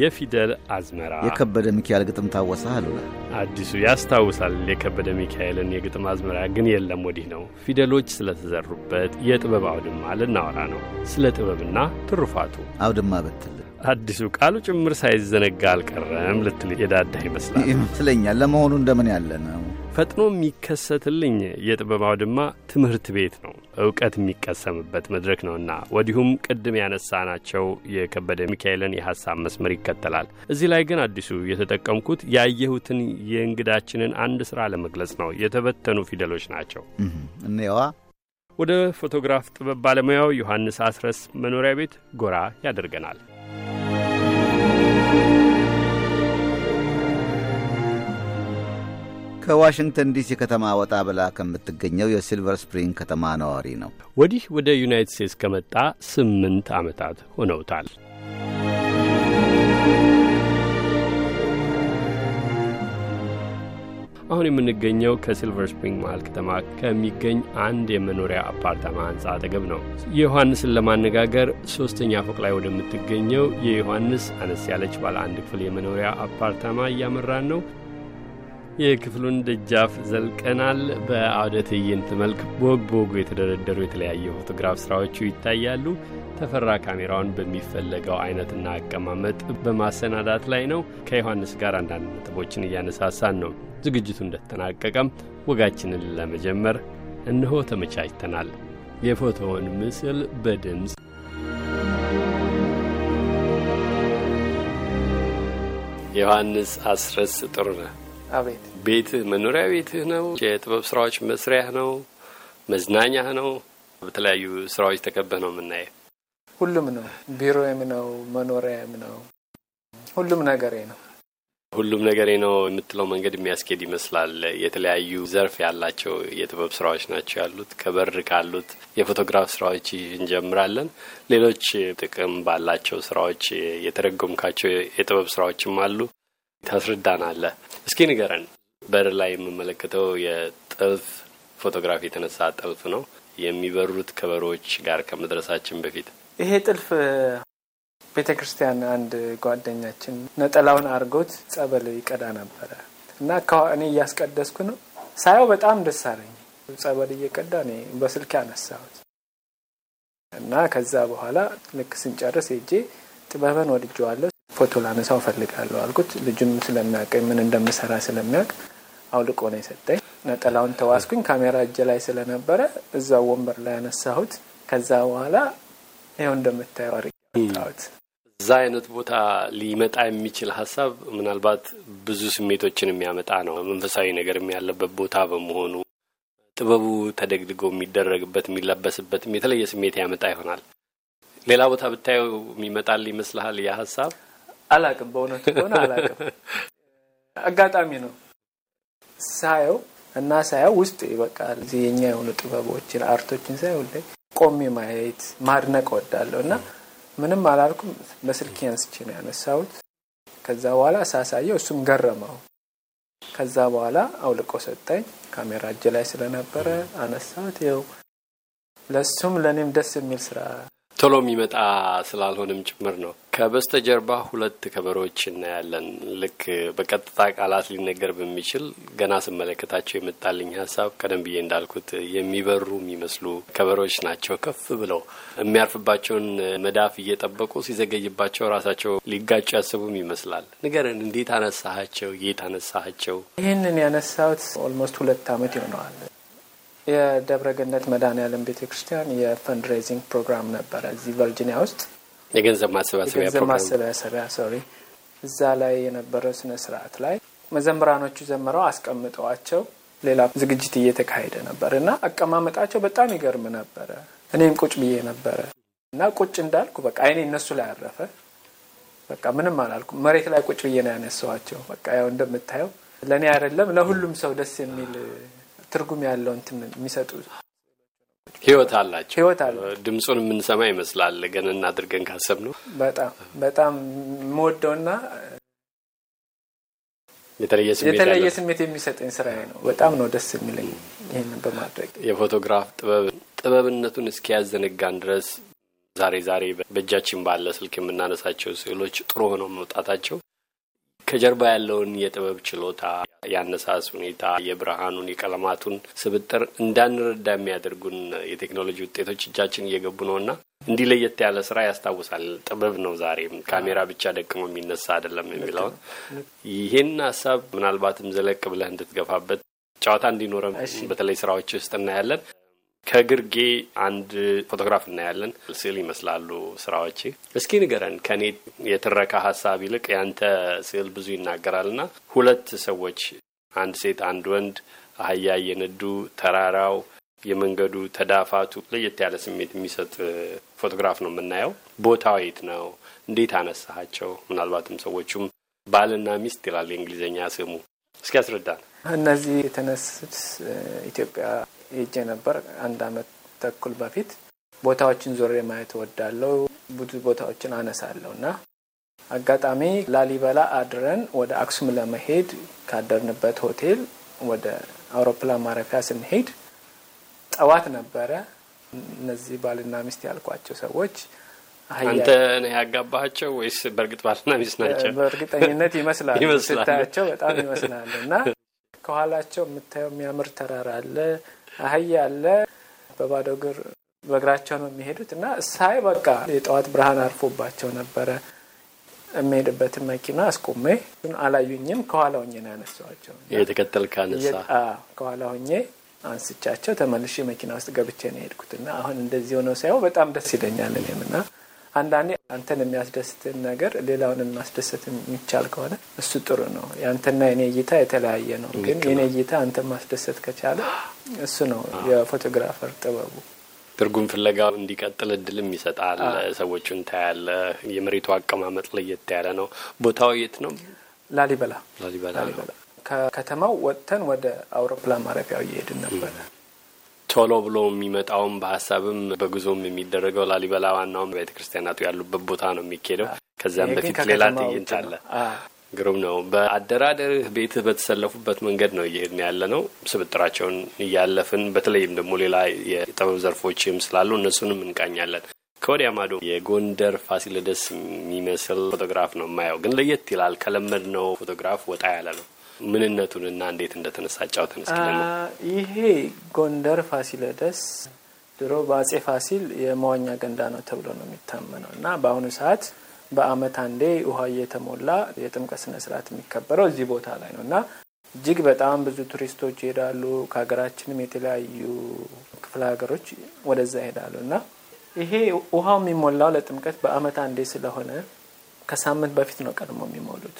የፊደል አዝመራ የከበደ ሚካኤል ግጥም ታወሳ አሉ አዲሱ ያስታውሳል። የከበደ ሚካኤልን የግጥም አዝመራ ግን የለም ወዲህ ነው። ፊደሎች ስለተዘሩበት የጥበብ አውድማ ልናወራ ነው። ስለ ጥበብና ትሩፋቱ አውድማ በትል አዲሱ ቃሉ ጭምር ሳይዘነጋ አልቀረም ልትል የዳዳ ይመስላል ይመስለኛል። ለመሆኑ እንደምን ያለ ነው? ፈጥኖ የሚከሰትልኝ የጥበብ አውድማ ትምህርት ቤት ነው፣ እውቀት የሚቀሰምበት መድረክ ነውና። ወዲሁም ቅድም ያነሳናቸው የከበደ ሚካኤልን የሀሳብ መስመር ይከተላል። እዚህ ላይ ግን አዲሱ የተጠቀምኩት ያየሁትን የእንግዳችንን አንድ ስራ ለመግለጽ ነው። የተበተኑ ፊደሎች ናቸው። እኔዋ ወደ ፎቶግራፍ ጥበብ ባለሙያው ዮሐንስ አስረስ መኖሪያ ቤት ጎራ ያደርገናል። ከዋሽንግተን ዲሲ ከተማ ወጣ ብላ ከምትገኘው የሲልቨር ስፕሪንግ ከተማ ነዋሪ ነው። ወዲህ ወደ ዩናይትድ ስቴትስ ከመጣ ስምንት ዓመታት ሆነውታል። አሁን የምንገኘው ከሲልቨር ስፕሪንግ መሀል ከተማ ከሚገኝ አንድ የመኖሪያ አፓርታማ ህንፃ አጠገብ ነው። የዮሐንስን ለማነጋገር ሶስተኛ ፎቅ ላይ ወደምትገኘው የዮሐንስ አነስ ያለች ባለ አንድ ክፍል የመኖሪያ አፓርታማ እያመራን ነው። የክፍሉን ደጃፍ ዘልቀናል። በአውደ ትዕይንት መልክ በወግ በወጉ የተደረደሩ የተለያዩ ፎቶግራፍ ስራዎቹ ይታያሉ። ተፈራ ካሜራውን በሚፈለገው አይነትና አቀማመጥ በማሰናዳት ላይ ነው። ከዮሐንስ ጋር አንዳንድ ነጥቦችን እያነሳሳን ነው። ዝግጅቱ እንደተጠናቀቀም ወጋችንን ለመጀመር እነሆ ተመቻችተናል። የፎቶውን ምስል በድምፅ ዮሐንስ አስረስ ነ አቤት ቤትህ መኖሪያ ቤትህ ነው። የጥበብ ስራዎች መስሪያህ ነው። መዝናኛህ ነው። በተለያዩ ስራዎች ተከበህ ነው የምናየው። ሁሉም ነው። ቢሮዬም ነው፣ መኖሪያም ነው፣ ሁሉም ነገሬ ነው። ሁሉም ነገሬ ነው የምትለው መንገድ የሚያስኬድ ይመስላል። የተለያዩ ዘርፍ ያላቸው የጥበብ ስራዎች ናቸው ያሉት። ከበር ካሉት የፎቶግራፍ ስራዎች እንጀምራለን። ሌሎች ጥቅም ባላቸው ስራዎች የተረጎምካቸው የጥበብ ስራዎችም አሉ። ታስረዳናለህ። እስኪ ንገረን። በር ላይ የምመለከተው የጥልፍ ፎቶግራፊ የተነሳ ጥልፍ ነው። የሚበሩት ከበሮዎች ጋር ከመድረሳችን በፊት ይሄ ጥልፍ ቤተ ክርስቲያን አንድ ጓደኛችን ነጠላውን አድርጎት ጸበል ይቀዳ ነበረ እና እኔ እያስቀደስኩ ነው ሳየው በጣም ደስ አለኝ። ጸበል እየቀዳ እኔ በስልክ ያነሳሁት እና ከዛ በኋላ ልክ ስንጨርስ ሄጄ ጥበብን ወድጀዋለሁ ፎቶ ላነሳው ፈልጋለሁ አልኩት። ልጁም ስለሚያውቀኝ ምን እንደምሰራ ስለሚያውቅ አውልቆ ነው የሰጠኝ። ነጠላውን ተዋስኩኝ። ካሜራ እጄ ላይ ስለነበረ እዛ ወንበር ላይ ያነሳሁት። ከዛ በኋላ ይኸው እንደምታየው አድርጌ እዛ አይነት ቦታ ሊመጣ የሚችል ሀሳብ ምናልባት ብዙ ስሜቶችን የሚያመጣ ነው። መንፈሳዊ ነገርም ያለበት ቦታ በመሆኑ ጥበቡ ተደግድጎ የሚደረግበት የሚለበስበትም የተለየ ስሜት ያመጣ ይሆናል። ሌላ ቦታ ብታየው የሚመጣል ይመስልሃል ያ ሀሳብ? አላቅም። በእውነቱ ከሆነ አላቅም። አጋጣሚ ነው ሳየው እና ሳየው ውስጥ ይበቃል። እዚህ የኛ የሆኑ ጥበቦችን አርቶችን ሳይ ሁሌ ቆሜ ማየት ማድነቅ ወዳለሁ እና ምንም አላልኩም። በስልኬ አንስቼ ነው ያነሳሁት። ከዛ በኋላ ሳሳየው እሱም ገረመው። ከዛ በኋላ አውልቆ ሰጠኝ። ካሜራ እጄ ላይ ስለነበረ አነሳሁት። ይኸው ለሱም ለእኔም ደስ የሚል ስራ ቶሎ የሚመጣ ስላልሆነም ጭምር ነው። ከበስተጀርባ ሁለት ከበሮዎች እናያለን። ልክ በቀጥታ ቃላት ሊነገር በሚችል ገና ስመለከታቸው የመጣልኝ ሀሳብ ቀደም ብዬ እንዳልኩት የሚበሩ የሚመስሉ ከበሮዎች ናቸው። ከፍ ብለው የሚያርፍባቸውን መዳፍ እየጠበቁ ሲዘገይባቸው ራሳቸው ሊጋጩ ያስቡም ይመስላል። ንገረን፣ እንዴት አነሳቸው? የት አነሳቸው? ይህንን ያነሳሁት ኦልሞስት ሁለት ዓመት ይሆነዋል። የደብረ ገነት መድኃኔ ቤተክርስቲያን ቤተ የፈንድሬዚንግ ፕሮግራም ነበረ እዚህ ቨርጂኒያ ውስጥ የገንዘብ ማሰባሰቢያ ማሰባሰቢያ ሶሪ እዛ ላይ የነበረው ስነ ስርአት ላይ መዘምራኖቹ ዘምረው አስቀምጠዋቸው ሌላ ዝግጅት እየተካሄደ ነበር እና አቀማመጣቸው በጣም ይገርም ነበረ። እኔም ቁጭ ብዬ ነበረ እና ቁጭ እንዳልኩ በቃ አይኔ እነሱ ላይ አረፈ። በቃ ምንም አላልኩ። መሬት ላይ ቁጭ ብዬ ነው ያነሰዋቸው በቃ ያው እንደምታየው ለእኔ አይደለም ለሁሉም ሰው ደስ የሚል ትርጉም ያለው እንትን የሚሰጡ ህይወት አላቸው ህይወት አለ። ድምፁን የምንሰማ ይመስላል ገን እናድርገን ካሰብ ነው። በጣም በጣም የምወደውና የተለየ ስሜት የሚሰጠኝ ስራ ነው። በጣም ነው ደስ የሚለኝ ይህንን በማድረግ የፎቶግራፍ ጥበብ ጥበብነቱን እስኪያዘነጋን ድረስ ዛሬ ዛሬ በእጃችን ባለ ስልክ የምናነሳቸው ስዕሎች ጥሩ ሆነው መውጣታቸው ከጀርባ ያለውን የጥበብ ችሎታ፣ የአነሳስ ሁኔታ፣ የብርሃኑን፣ የቀለማቱን ስብጥር እንዳንረዳ የሚያደርጉን የቴክኖሎጂ ውጤቶች እጃችን እየገቡ ነውና እንዲህ ለየት ያለ ስራ ያስታውሳል። ጥበብ ነው ዛሬም ካሜራ ብቻ ደቅሞ የሚነሳ አይደለም የሚለውን ይህን ሀሳብ ምናልባትም ዘለቅ ብለህ እንድትገፋበት ጨዋታ እንዲኖረም በተለይ ስራዎች ውስጥ እናያለን። ከግርጌ አንድ ፎቶግራፍ እናያለን። ስዕል ይመስላሉ ስራዎች። እስኪ ንገረን፣ ከኔ የትረካ ሀሳብ ይልቅ ያንተ ስዕል ብዙ ይናገራል እና ሁለት ሰዎች፣ አንድ ሴት፣ አንድ ወንድ አህያ እየነዱ ተራራው፣ የመንገዱ ተዳፋቱ ለየት ያለ ስሜት የሚሰጥ ፎቶግራፍ ነው የምናየው። ቦታው የት ነው? እንዴት አነሳሃቸው? ምናልባትም ሰዎቹም ባልና ሚስት ይላል የእንግሊዝኛ ስሙ። እስኪ ያስረዳን። እነዚህ የተነሱት ኢትዮጵያ ሄጀ ነበር አንድ አመት ተኩል በፊት። ቦታዎችን ዞሬ ማየት ወዳለው ብዙ ቦታዎችን አነሳለሁ እና አጋጣሚ ላሊበላ አድረን ወደ አክሱም ለመሄድ ካደርንበት ሆቴል ወደ አውሮፕላን ማረፊያ ስንሄድ ጠዋት ነበረ። እነዚህ ባልና ሚስት ያልኳቸው ሰዎች አንተ ነ ያጋባቸው ወይስ በእርግጥ ባልና ሚስት ናቸው? በእርግጠኝነት ይመስላሉ፣ ስታያቸው በጣም ይመስላሉ። እና ከኋላቸው የምታየው የሚያምር ተራራ አለ አህያ አለ። በባዶ እግር በእግራቸው ነው የሚሄዱት እና እሳይ በቃ የጠዋት ብርሃን አርፎባቸው ነበረ። የሚሄድበትን መኪና አስቆሜ አላዩኝም። ከኋላ ሆኜ ነው ያነሳኋቸው። የተከተል ካነሳ ከኋላ ሆኜ አንስቻቸው ተመልሼ መኪና ውስጥ ገብቼ ነው የሄድኩት እና አሁን እንደዚህ ሆነው ሳይሆን በጣም ደስ ይለኛል እኔም እና አንዳንዴ አንተን የሚያስደስትን ነገር ሌላውን ማስደሰት የሚቻል ከሆነ እሱ ጥሩ ነው። የአንተና የኔ እይታ የተለያየ ነው፣ ግን የኔ እይታ አንተ ማስደሰት ከቻለ እሱ ነው የፎቶግራፈር ጥበቡ። ትርጉም ፍለጋ እንዲቀጥል እድልም ይሰጣል። ሰዎቹን ታያለ። የመሬቱ አቀማመጥ ለየት ያለ ነው። ቦታው የት ነው? ላሊበላ ላሊበላ ከከተማው ወጥተን ወደ አውሮፕላን ማረፊያው እየሄድን ነበረ። ቶሎ ብሎ የሚመጣውም በሀሳብም በጉዞም የሚደረገው ላሊበላ ዋናውም ቤተ ክርስቲያናቱ ያሉበት ቦታ ነው የሚካሄደው። ከዚያም በፊት ሌላ ትዕይንት አለ። ግሩም ነው። በአደራደርህ ቤትህ በተሰለፉበት መንገድ ነው እየሄድን ያለ ነው። ስብጥራቸውን እያለፍን በተለይም ደግሞ ሌላ የጥበብ ዘርፎችም ስላሉ እነሱንም እንቃኛለን። ከወዲያ ማዶ የጎንደር ፋሲለደስ የሚመስል ፎቶግራፍ ነው የማየው፣ ግን ለየት ይላል። ከለመድ ነው ፎቶግራፍ ወጣ ያለ ነው። ምንነቱንና እንዴት እንደተነሳ ጫውተን እስኪ ይሄ ጎንደር ፋሲለደስ ድሮ በአጼ ፋሲል የመዋኛ ገንዳ ነው ተብሎ ነው የሚታመነው እና በአሁኑ ሰዓት በአመት አንዴ ውሃ እየተሞላ የጥምቀት ስነስርዓት የሚከበረው እዚህ ቦታ ላይ ነው እና እጅግ በጣም ብዙ ቱሪስቶች ይሄዳሉ። ከሀገራችንም የተለያዩ ክፍለ ሀገሮች ወደዛ ይሄዳሉ እና ይሄ ውሃው የሚሞላው ለጥምቀት በአመት አንዴ ስለሆነ ከሳምንት በፊት ነው ቀድሞ የሚሞሉት።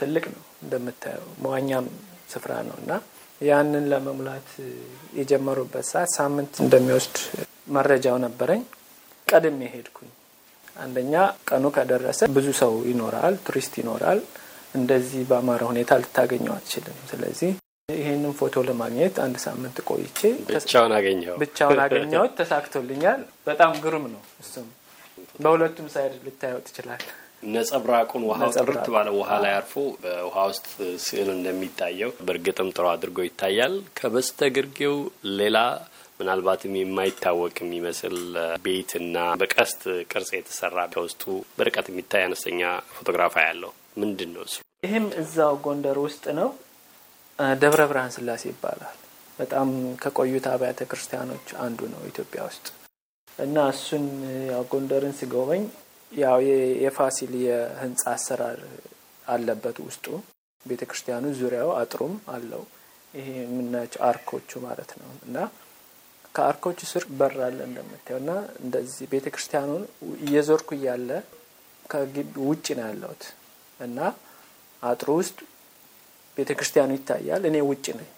ትልቅ ነው እንደምታየው፣ መዋኛም ስፍራ ነው እና ያንን ለመሙላት የጀመሩበት ሰዓት ሳምንት እንደሚወስድ መረጃው ነበረኝ። ቀድሜ ሄድኩኝ። አንደኛ ቀኑ ከደረሰ ብዙ ሰው ይኖራል፣ ቱሪስት ይኖራል። እንደዚህ በአማረ ሁኔታ ልታገኘው አትችልም። ስለዚህ ይህንን ፎቶ ለማግኘት አንድ ሳምንት ቆይቼ ብቻውን አገኘው ብቻውን አገኘሁት። ተሳክቶልኛል። በጣም ግሩም ነው። እሱም በሁለቱም ሳይድ ልታየው ትችላል። ነጸብራቁን ውሃው ጥርት ባለ ውሃ ላይ አርፎ በውሃ ውስጥ ስዕል እንደሚታየው በእርግጥም ጥሩ አድርጎ ይታያል። ከበስተግርጌው ሌላ ምናልባትም የማይታወቅ የሚመስል ቤትና በቀስት ቅርጽ የተሰራ ከውስጡ በርቀት የሚታይ አነስተኛ ፎቶግራፍ ያለው ምንድን ነው እሱ? ይህም እዛው ጎንደር ውስጥ ነው። ደብረ ብርሃን ስላሴ ይባላል። በጣም ከቆዩት አብያተ ክርስቲያኖች አንዱ ነው ኢትዮጵያ ውስጥ እና እሱን ያው ጎንደርን ሲጎበኝ። ያው የፋሲል የህንፃ አሰራር አለበት ውስጡ ቤተ ክርስቲያኑ ዙሪያው አጥሩም አለው። ይሄ የምናያቸው አርኮቹ ማለት ነው እና ከአርኮቹ ስር በር አለ እንደምታየው እና እንደዚህ ቤተ ክርስቲያኑን እየዞርኩ እያለ ከግቢ ውጭ ነው ያለሁት እና አጥሩ ውስጥ ቤተ ክርስቲያኑ ይታያል። እኔ ውጭ ነኝ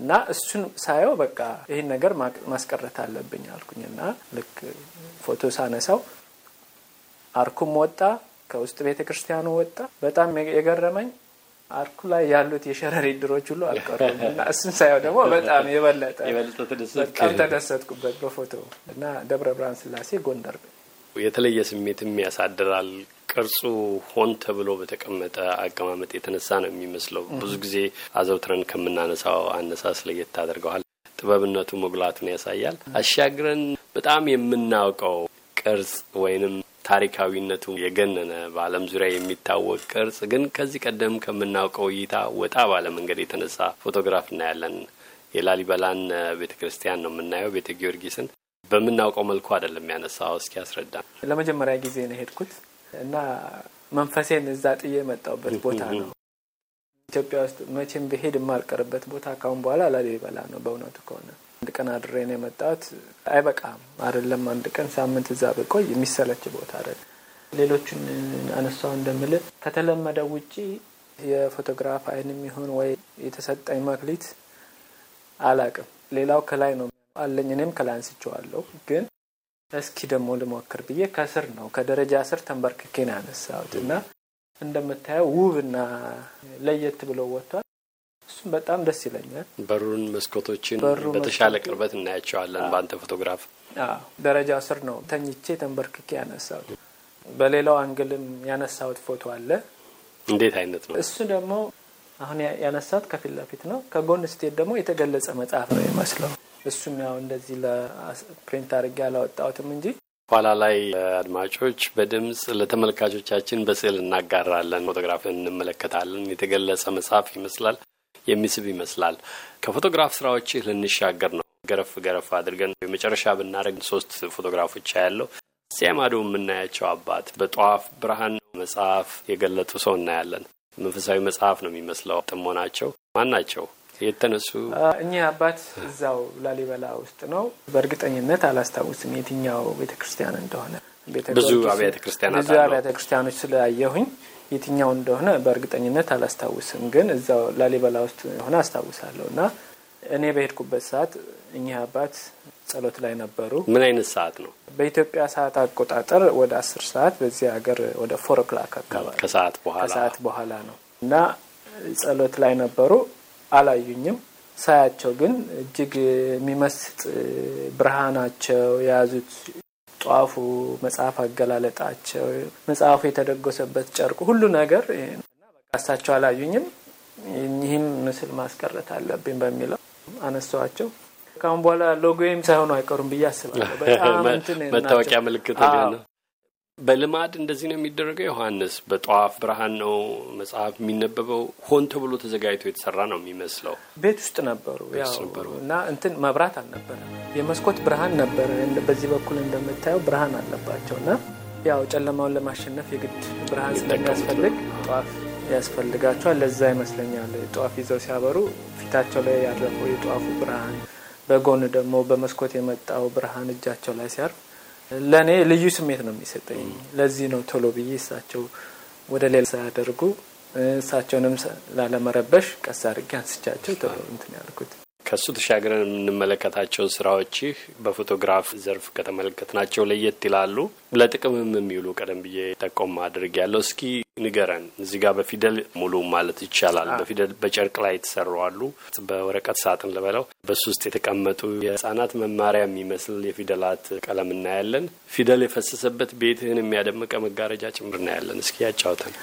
እና እሱን ሳየው በቃ ይህን ነገር ማስቀረት አለብኝ አልኩኝ እና ልክ ፎቶ ሳነሳው አርኩም ወጣ፣ ከውስጥ ቤተ ክርስቲያኑ ወጣ። በጣም የገረመኝ አርኩ ላይ ያሉት የሸረሪት ድሮች ሁሉ አልቀሩም እና እሱን ሳየው ደግሞ በጣም የበለጠ ተደሰትኩበት በፎቶ እና ደብረ ብርሃን ስላሴ ጎንደር የተለየ ስሜትም ያሳድራል። ቅርጹ ሆን ተብሎ በተቀመጠ አቀማመጥ የተነሳ ነው የሚመስለው። ብዙ ጊዜ አዘውትረን ከምናነሳው አነሳስ ለየት ታደርገዋል። ጥበብነቱ መጉላቱን ያሳያል። አሻግረን በጣም የምናውቀው ቅርጽ ወይንም ታሪካዊነቱ የገነነ በዓለም ዙሪያ የሚታወቅ ቅርጽ ግን ከዚህ ቀደም ከምናውቀው እይታ ወጣ ባለመንገድ የተነሳ ፎቶግራፍ እናያለን። የላሊበላን ቤተ ክርስቲያን ነው የምናየው። ቤተ ጊዮርጊስን በምናውቀው መልኩ አይደለም ያነሳው። እስኪ ያስረዳ። ለመጀመሪያ ጊዜ ነው ሄድኩት እና መንፈሴን እዛ ጥዬ የመጣውበት ቦታ ነው። ኢትዮጵያ ውስጥ መቼም ብሄድ የማልቀርበት ቦታ ካሁን በኋላ ላሊበላ ነው በእውነቱ ከሆነ አንድ ቀን አድሬ ነው የመጣሁት። አይበቃም አይደለም አንድ ቀን ሳምንት እዛ ብቆይ የሚሰለች ቦታ አይደል። ሌሎችን አነሳው እንደምል ከተለመደ ውጪ የፎቶግራፍ አይንም ይሁን ወይ የተሰጠኝ መክሊት አላቅም። ሌላው ከላይ ነው አለኝ፣ እኔም ከላይ አንስቼዋለሁ። ግን እስኪ ደግሞ ልሞክር ብዬ ከስር ነው ከደረጃ ስር ተንበርክኬ ነው ያነሳሁት እና እንደምታየው ውብና ለየት ብሎ ወጥቷል። እሱም በጣም ደስ ይለኛል። በሩን መስኮቶችን በተሻለ ቅርበት እናያቸዋለን በአንተ ፎቶግራፍ። ደረጃ ስር ነው ተኝቼ ተንበርክኬ ያነሳሁት። በሌላው አንግልም ያነሳሁት ፎቶ አለ። እንዴት አይነት ነው እሱ? ደግሞ አሁን ያነሳሁት ከፊት ለፊት ነው። ከጎን ስቴት ደግሞ የተገለጸ መጽሐፍ ነው ይመስለው። እሱም ያው እንደዚህ ለፕሪንት አድርጌ አላወጣሁትም እንጂ ኋላ ላይ አድማጮች በድምፅ ለተመልካቾቻችን በስዕል እናጋራለን። ፎቶግራፍን እንመለከታለን። የተገለጸ መጽሐፍ ይመስላል። የሚስብ ይመስላል። ከፎቶግራፍ ስራዎች ልንሻገር ነው። ገረፍ ገረፍ አድርገን የመጨረሻ ብናደረግ ሶስት ፎቶግራፎች ያለው ሲያማዶ የምናያቸው አባት በጠዋፍ ብርሃን መጽሐፍ የገለጡ ሰው እናያለን። መንፈሳዊ መጽሐፍ ነው የሚመስለው። ጥሞናቸው ማን ናቸው? የተነሱ እኚህ አባት እዛው ላሊበላ ውስጥ ነው። በእርግጠኝነት አላስታውስም የትኛው ቤተክርስቲያን እንደሆነ ብዙ አብያተ ክርስቲያናት ብዙ አብያተ ክርስቲያኖች ስለያየሁኝ የትኛው እንደሆነ በእርግጠኝነት አላስታውስም፣ ግን እዛው ላሊበላ ውስጥ ሆነ አስታውሳለሁ። እና እኔ በሄድኩበት ሰዓት እኚህ አባት ጸሎት ላይ ነበሩ። ምን አይነት ሰዓት ነው? በኢትዮጵያ ሰዓት አቆጣጠር ወደ አስር ሰዓት በዚህ ሀገር ወደ ፎር አካባቢ ከሰዓት በኋላ ከሰዓት በኋላ ነው እና ጸሎት ላይ ነበሩ። አላዩኝም። ሳያቸው ግን እጅግ የሚመስጥ ብርሃናቸው የያዙት ጧፉ፣ መጽሐፍ አገላለጣቸው፣ መጽሐፉ የተደጎሰበት ጨርቁ፣ ሁሉ ነገር እሳቸው አላዩኝም። ይህም ምስል ማስቀረት አለብኝ በሚለው አነሳዋቸው። ካሁን በኋላ ሎጎዬም ሳይሆኑ አይቀሩም ብዬ አስባለሁ። በጣም መታወቂያ ምልክት ነው። በልማድ እንደዚህ ነው የሚደረገው። ዮሐንስ በጠዋፍ ብርሃን ነው መጽሐፍ የሚነበበው። ሆን ተብሎ ተዘጋጅቶ የተሰራ ነው የሚመስለው። ቤት ውስጥ ነበሩ እና እንትን መብራት አልነበረ፣ የመስኮት ብርሃን ነበረ። በዚህ በኩል እንደምታየው ብርሃን አለባቸው እና ያው ጨለማውን ለማሸነፍ የግድ ብርሃን ስለሚያስፈልግ ጠዋፍ ያስፈልጋቸዋል። ለዛ ይመስለኛል ጠዋፍ ይዘው ሲያበሩ ፊታቸው ላይ ያረፈው የጠዋፉ ብርሃን፣ በጎን ደግሞ በመስኮት የመጣው ብርሃን እጃቸው ላይ ሲያርፍ ለእኔ ልዩ ስሜት ነው የሚሰጠኝ። ለዚህ ነው ቶሎ ብዬ እሳቸው ወደ ሌላ ሳያደርጉ እሳቸውንም ላለመረበሽ ቀስ አድርጌ አንስቻቸው ቶሎ እንትን ያልኩት። ከእሱ ተሻግረን የምንመለከታቸው ስራዎችህ በፎቶግራፍ ዘርፍ ከተመለከትናቸው ለየት ይላሉ። ለጥቅምም የሚውሉ ቀደም ብዬ ጠቆም አድርግ ያለው እስኪ ንገረን። እዚህ ጋር በፊደል ሙሉ ማለት ይቻላል በፊደል በጨርቅ ላይ የተሰሩ አሉ። በወረቀት ሳጥን ልበለው፣ በሱ ውስጥ የተቀመጡ የህጻናት መማሪያ የሚመስል የፊደላት ቀለም እናያለን። ፊደል የፈሰሰበት ቤትህን የሚያደምቀ መጋረጃ ጭምር እናያለን። እስኪ ያጫውተን።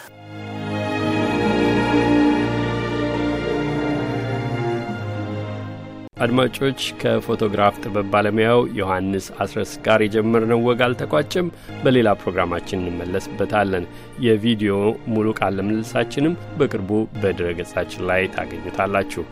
አድማጮች ከፎቶግራፍ ጥበብ ባለሙያው ዮሐንስ አስረስ ጋር የጀመርነው ወግ አልተቋጨም። በሌላ ፕሮግራማችን እንመለስበታለን። የቪዲዮ ሙሉ ቃለ ምልልሳችንም በቅርቡ በድረ ገጻችን ላይ ታገኙታላችሁ።